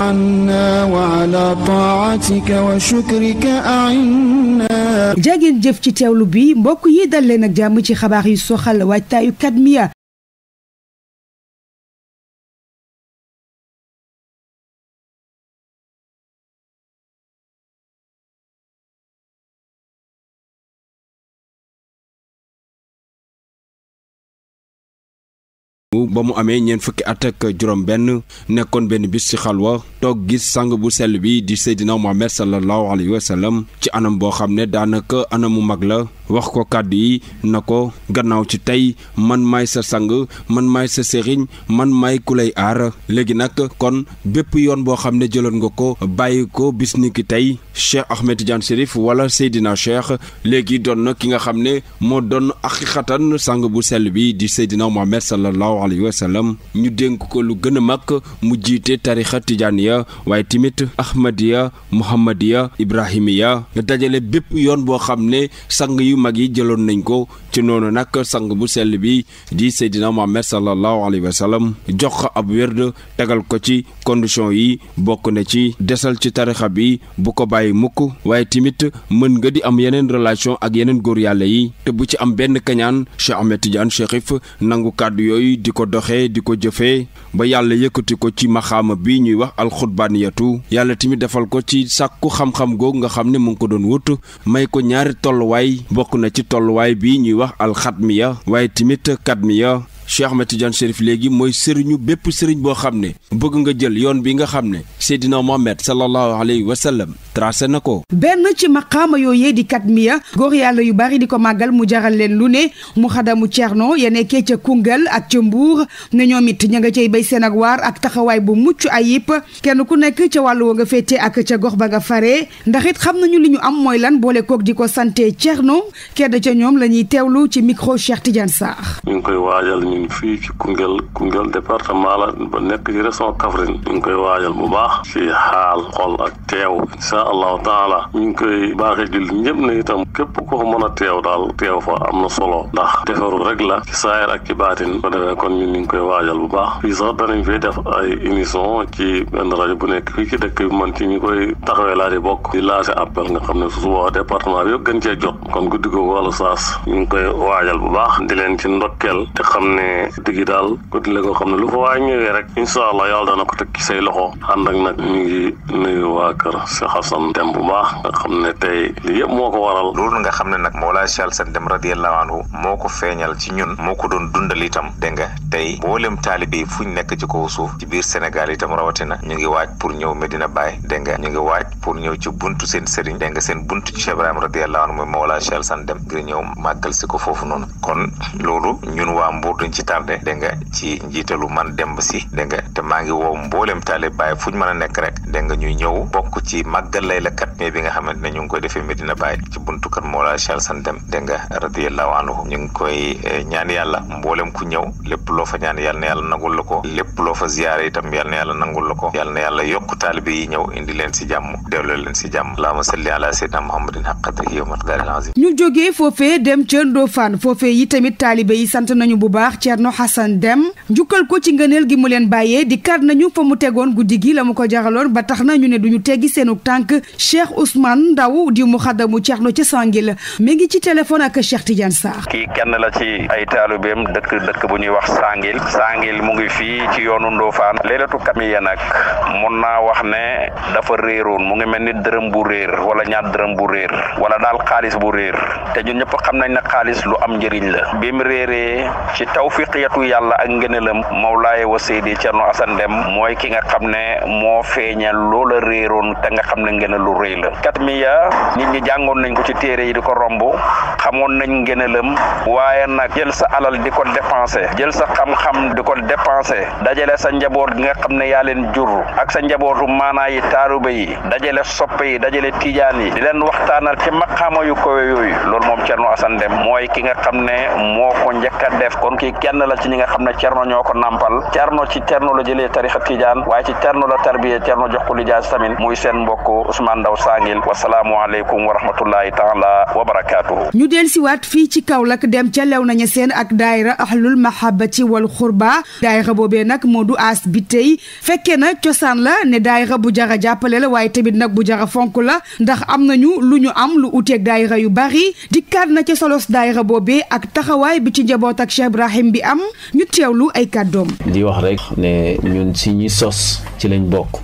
عنا وعلى طاعتك وشكرك أعنا jàngeen jëf ci teewlu bi mbokk yi dal leen ak jàmm ci xabaar yu soxal waajtaayu Katmiya moomu ba mu amee ñeent fukki at ak juróom-benn nekkoon benn bis ci xalwa toog gis sang bu sell bi di Seydina ma sallallahu alayhi wa sallam ci anam boo xam ne daanaka anamu mag la. wax ko kàddu yi na ko gannaaw ci tey man maay sa sang man maay sa sëriñ man maay ku lay aar léegi nag kon bépp yoon boo xam ne jëloon nga ko bàyyi ko bis ni ki tey Cheikh Ahmed Tidiane Chérif wala seddina Cheikh léegi doon na ki nga xam ne moo doon aqiqatan sang bu sell bi di Seydina Mohamed sallallahu alayhi wa sallam ñu dénk ko lu gën mag mu jiite tarixa tijaaniya waaye tamit ahmadiya muhammadiya ibrahimiya dajale bépp yoon boo xam ne sang yu mag yi jëloon nañ ko ci noonu nag sang bu sell bi di Seydina Mohamed sallallahu alayhi wa sallam jox ko ab wérd tegal ko ci condition yi bokk na ci desal ci tarixa bi bu ko bàyyi mukk waaye tamit mën nga di am yeneen relation ak yeneen góor yàlla yi te bu ci am benn kañaan Cheikh Ahmed Tidiane nangu kàddu yooyu di ko doxe di ko jëfee ba yàlla yëkkati ko ci maxaama bi ñuy wax alxutbaaniyatu yàlla tamit defal ko ci sàkku xam-xam googu nga xam ne mu ngi ko doon wut may bokk na ci tolluwaay bi ñuy wax alxatmiya waaye tamit kadmiya Cheikh Ahmed Tidiane Chérif léegi mooy sëriñu bépp sëriñ boo xam ne bëgg nga jël yoon bi nga xam ne Seydina Mohamed sallallahu alayhi wa sallam tracé na ko. benn ci maqaama yooyee di katmiya góor yàlla yu bari di ko màggal mu jaral leen lu ne mu xadamu Cerno ya nekkee ca Koungheul ak ca Mbour ne ñoom it ña nga cay béy seen ak waar ak taxawaay bu mucc ay ayib kenn ku nekk ca wàllu wa nga féete ak ca gox ba nga faree ndax it xam nañu li ñu am mooy lan boole kook di ko sante Cerno kenn ca ñoom la ñuy teewlu ci micro Cheikh Tidiane Sarr. ñu ngi koy waajal ñun fii ci Koungheul Koungheul département la ba nekk ci allahu taala ñu ngi koy baaxee jullit ñëpp ne itam képp koo mën a teew daal teew fa am na solo ndax defaru rek la ci saayir ak ci kon ñun ngi koy waajal bu baax fii sax danañ fay def ay émission ci benn fii ci dëkk bi man ci ñu koy taxawee laa di bokk di laase appel nga xam ne su suboo département bi yëpp gën cee jot kon guddi googu wàllu saas ñu ngi koy waajal bu baax di leen ci ndokkeel te xam ne guddi gi daal guddi la koo xam ne lu fa waay ñëwee rek incha allah yàlla dana ko teg ci say loxo ànd ak nag ñu sam dem bu baax nga xam ne tey li moo ko waral loolu nga xam ne nag Mawlaay Cheikh Alassane Dème radiyallahu anhu moo ko feeñal ci ñun moo ko doon dundal itam dégg nga tey boolem taalibe yi fu ñu nekk ci kaw suuf ci biir Sénégal itam rawatina ñu ngi waaj pour ñëw Medina Baye dégg nga ñu ngi waaj pour ñëw ci buntu seen sëriñ dégg nga seen buntu ci Cheikh Ibrahima radiyallahu anhu mooy Mawlaay Cheikh Alassane Dème ngir ñëw màggal si ko foofu noonu kon loolu ñun waa Mbour duñ ci tardé dégg nga ci njiitalu man demb si dégg nga te maa ngi woo mboolem taalibe Baye fu ñu mën a nekk rek dégg nga ñuy ñëw bokk ci màggal màggal lay la 4 mai bi nga xamante ne ñu ngi koy defee Medina Baye ci buntu kër Mawla Cheikh San Dem dégg nga radiyallahu anhu ñu ngi koy eh, ñaan yàlla si jàmm dem njukkal ko ci ngëneel gi mu leen bàyyee di kar nañu fa mu tegoon guddi gi la mu ko jaxaloon ba tax na ñu ne duñu teggi seenu tànk ak Cheikh Ousmane Ndaw di muxaddamu cheikhno ci Sangil mi ngi ci téléphone ak Cheikh Tidiane sar ki kenn la ci ay taalubeem dëkk dëkk bu ñuy wax Sangil Sangil mu ngi fi ci yoonu Ndofaan leelatu kamiya nak mën na wax ne dafa réeroon mu ngi melni dërëm bu réer wala ñaar dërëm bu réer wala dal xaaliss bu réer te ñun ñëpp xam nañ ne xaaliss lu am njëriñ la bi mu réeree ci tawfiqiyatu yalla ak ngeenelam Mawlaaye wa Seydi Ceerno Asan Dem moy ki nga xam ne moo feeñal loola réeroon te nga xam ne ngeena lu reey la katmiya nit ñi jàngoon nañ ko ci téré yi di rombu xamoon nañ ngeen lëm waaye nag jël sa alal diko dépenser jël sa xam-xam diko dépenser dajale sa njabor gi nga xamne ya leen jur ak sa njabotu maanaa yi taruba yi dajale soppe yi dajale tidiane yi di leen waxtaanal ci makama yu ko yoy lool mom Cerno Asan Dem moy ki nga xamne ne ñeeka def kon ki kenn la ci ñi nga xamne ne Cerno ñoko nampal Cerno ci Cerno la jëlee tariikh tidiane waaye ci Cerno la tarbiye Cerno jox ko lijaas tamit muy seen mbokk Ousmane Ndaw Sangil wasalaamualeykum wa rahmatullahi taala wa barakaatuhu. ñu del siwaat fii ci kaw Kaolack dem ca lew nañu seen ak daayira ahlul mahabati wal xurba daayira boobee nag moo du aas bi tey fekkee na cosaan la ne daayira bu jara jàppale la waaye tamit nag bu jara fonk la ndax am nañu lu ñu am lu uteeg daayira yu bari dikkaat na ca solos daayira boobee ak taxawaay bi ci njaboot ak Cheikh Ibrahim bi am ñu lu ay kàddoom. di wax rek ne ñun si ñi sos ci lañ bokk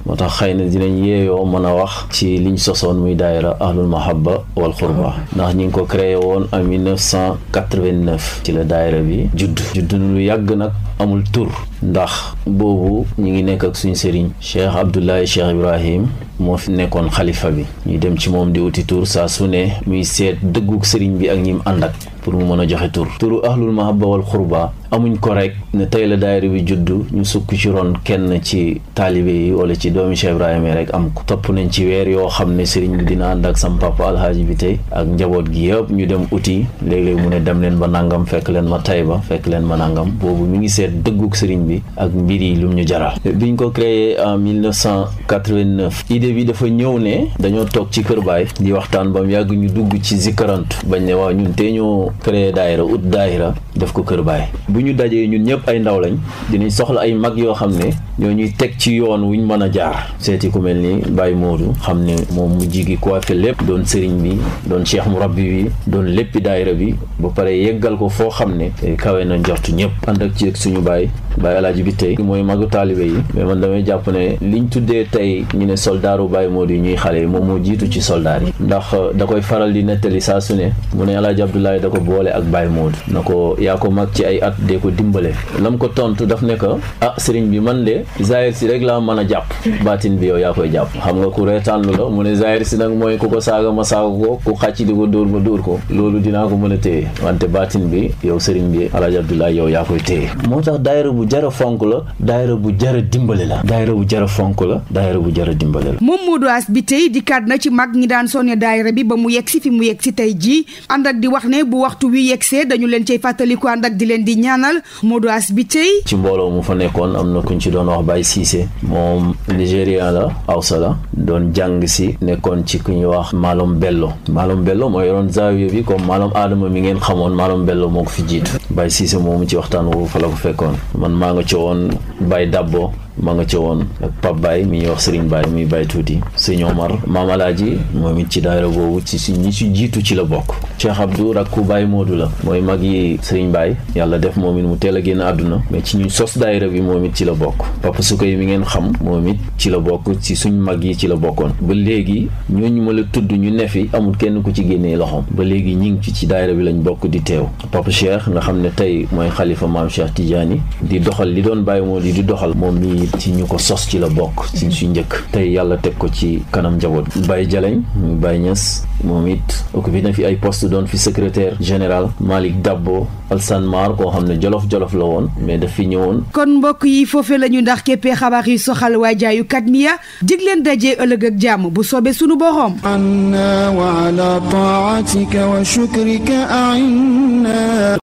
ci liñ sosoon muy daayira ahlul mahabba wal xurba ndax ñu ngi ko créé woon en 1989 ci la daayira bi judd judd na lu yàgg nag amul tur ndax boobu ñu ngi nekk ak suñu sëriñ Cheikh Abdoulaye Cheikh Ibrahim moo fi nekkoon xalifa bi ñuy dem ci moom di wuti tur saa su ne muy seet dëggug sëriñ bi ak ñim ànd ak pour mu mën a joxe tur turu ahlul mahabba wal xurba amuñ ko rek ne tey la daayira bi juddu ñu sukk ci ron kenn ci taalibe yi wala ci doomi Cheikh Ibrahima rek am ko topp nañ ci weer yoo xam ne sëriñ bi dina ànd ak sam papa alhaaji bi tey ak njaboot gi yëpp ñu dem uti léeg-léeg mu ne dem leen ba nangam fekk leen ma tay ba fekk leen ma nangam boobu mi ngi seet dëgguk sëriñ bi ak mbir yi lum ñu jaral biñ ko créé en 1989 idée bi dafa ñëw ne dañoo toog ci kër baay di waxtaan ba mu yàgg dugg ci zikarantu bañ ne waaw ñun tey ñoo créer daayra ut daayra def ko kër baay bu ñu dajee ñun ñëpp ay ndaw lañ dinañ soxla ay mag yoo xam ne ñoo ñuy teg ci yoon wuñ mën a jaar seeti ku mel ni Baye Modou xam ne moom mu jigi coiffé lépp doon sëriñ bi doon cheikh mu rabbi bi doon léppi daayira bi ba pare yeggal ko foo xam ne eh, kawe na njort ñëpp ànd ak ci suñu baay Baye Alaaji bi tey mooy magu taalibe yi mais man damay jàpp ne liñ tuddee tey ñu ne soldaaru Baye Modou yi ñuy xale yi moom moo jiitu ci soldaar yi ndax eh, da koy faral di nettali saa su ne mu ne Alaaji Abdoulaye da ko boole ak Baye Modou na ko yaa ko mag ci ay at dee ko dimbale lam ko tontu daf ne ko ah sëriñ bi man de Zahir si rek laa mën a jàpp baatin bi yow yaa koy jàpp xam nga ku reetaanlu la mu ne Zahir si nag mooy ku ko saaga ma saaga ko ku xàcc di ko dóor ma dóor ko loolu dinaa ko mën a téye wante baatin bi yow sëriñ bi Alaaji Abdoulaye yaa koy téye moo tax daayira bu jara fonk la daayira bu jara dimbale la daayira bu jara fonk la daayira bu jara dimbale la moom Modou Ass bi tey dikkaat na ci mag ñi daan sonne daayira bi ba mu yegg si fi mu yegg si tey jii ànd ak di wax ne bu waxtu wi yeggsee dañu leen cay fàttaliku ànd ak di leen di ñaanal Modou bi ci mbooloo mu fa nekkoon am na kuñ ci doon wax Baye Cissé moom nigérien la Hausa la doon jàng si nekkoon ci ku ñuy wax Malom Bello Malom Bello mooy yoroon zaawiya bi comme Malom Adama mi ngeen xamoon Malom Bello moo ko fi jiitu Baye Cissé moomu ci waxtaan woowu fa la ko fekkoon man maa nga ci woon Baye Dabbo ma nga ca woon ak Pape baay mi ñuy wax Serigne Baye muy Baye tuuti sëñ Omar Maam Alaaji moom it ci daayira boobu ci si ñi si jiitu ci la bokk Cheikh Abdou ku Baye moodu la mooy mag yi Serigne baay yàlla def moom it mu teel a génne àdduna mais ci ñu sos daayira bi moom it ci la bokk Papa Sukay mi ngeen xam moom it ci la bokk ci suñ mag yi ci la bokkoon ba léegi ñooñu ma la tudd ñu nefi amul kenn ku ci génnee loxoom ba léegi ñi ngi ci ci daayira bi lañ bokk di teew Papa Cheikh nga xam ne tey mooy xalifa Maam Cheikh Tidiane di doxal li doon Baye Modou di doxal moom tamit ci ñu ko sos ci la bokk ci suñ njëkk tey yàlla teg ko ci kanam njaboot Baye Jaleñ Baye Niass moom it occupé na fi ay poste doon fi secrétaire général Malick Dabbo Alsan Mar koo xam ne jolof-jolof la woon mais daf fi ñëwoon kon mbokk yi foofee lañu ñu ndax képpee xabaar yi soxal waajaayu Kadmiya dig leen dajee ëllëg ak jàmm bu soobee sunu boroom anna wa ala taatika wa shukrika a'inna